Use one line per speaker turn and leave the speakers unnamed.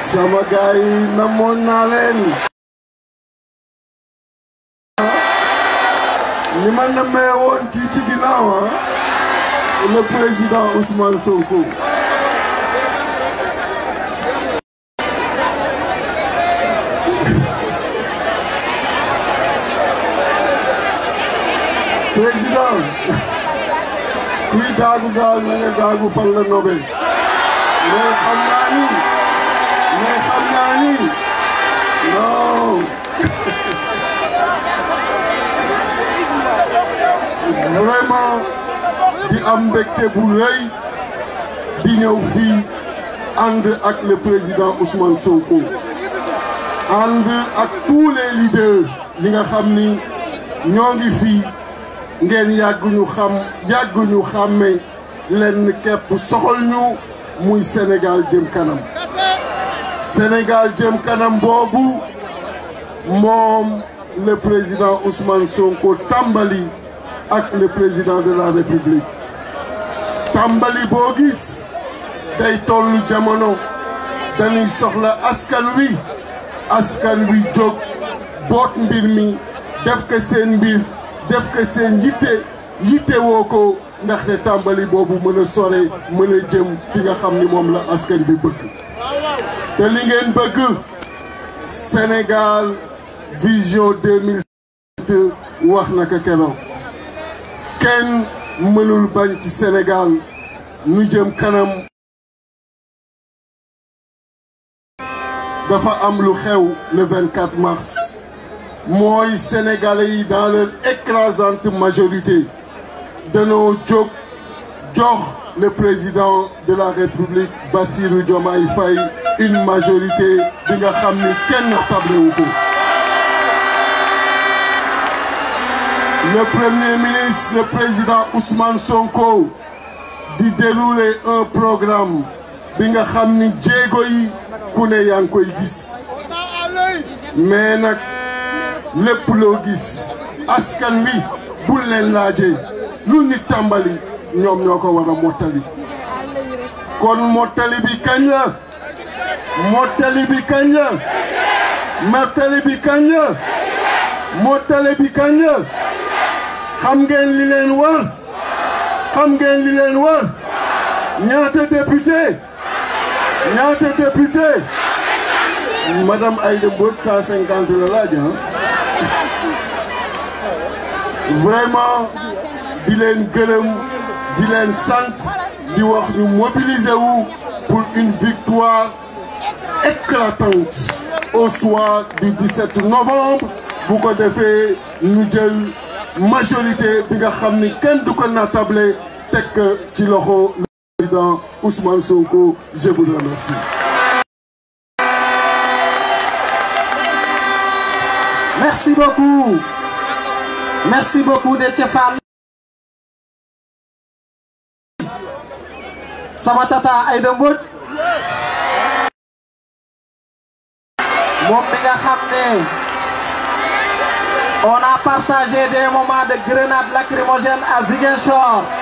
sama gars yi namoon ni ma namee woon kii ci ginnaaw ah, le président Ousmane Sonko président kuy daagu daal na nga daagu fan la nobe mais xam mais xam naa ni vraiment di am mbégte bu rëy di ñëw fii ànd ak le président Ousmane Sonko ak tous les leaders li nga xam ni ñoo ngi fi ngeen yàgg ñu xam yàgg ñu xàmme lenn képp soxal ñu muy Sénégal jëm kanam Sénégal jëm kanam boobu moom le président Ousmane Sonko tàmbali ak le président de la République tàmbali boo gis day tollu jamono dañuy soxla askan wi askan wi jóg boot mbir mi def ko seen mbir def ko seen yitte yitte woo ko ndaxte tàmbali boobu mën a sore mën a jëm fi nga xam ni moom la askan bi bëgg te li ngeen bëgg Sénégal vision wax na ko keroog kenn mënul bañ ci Sénégal nu jëm kanam dafa am lu xew le mars mooy sénégalais yi dans leur écrasante majorité danoo jóg jox le président de la république Bassirou Diomaye Faye une majorité bi nga xam ni kenn table wu ko le premier ministre le président Ousmane Sonko di dérouler un programme bi nga xam ni jéego yi ku ne yaa ngi koy gis mais nag lépp loo gis askan wi bu leen lu nit tàmbali ñoom ñoo ko war a mottali kon mottali bi kañ la mottali bi kañ mottali bi kañ la mottali bi kañ xam ngeen li leen war xam ngeen li leen war ñaata député ñaata député madame Aïda Mbodj 150 la laaj vraiment di leen gërëm di leen di wax ñu mobiliser wu pour une victoire éclatante au soir du 17 novembre bu ko defee ñu jël majorité bi nga xam ni kenn du ko natable teg ci loxo le président Ousmane Sonko je vous merci beaucoup merci beaucoup Déthié Fall sama tata Aïda moom mi nga xam ne on a partagé des de grenades lacrymogènes à Ziguinchor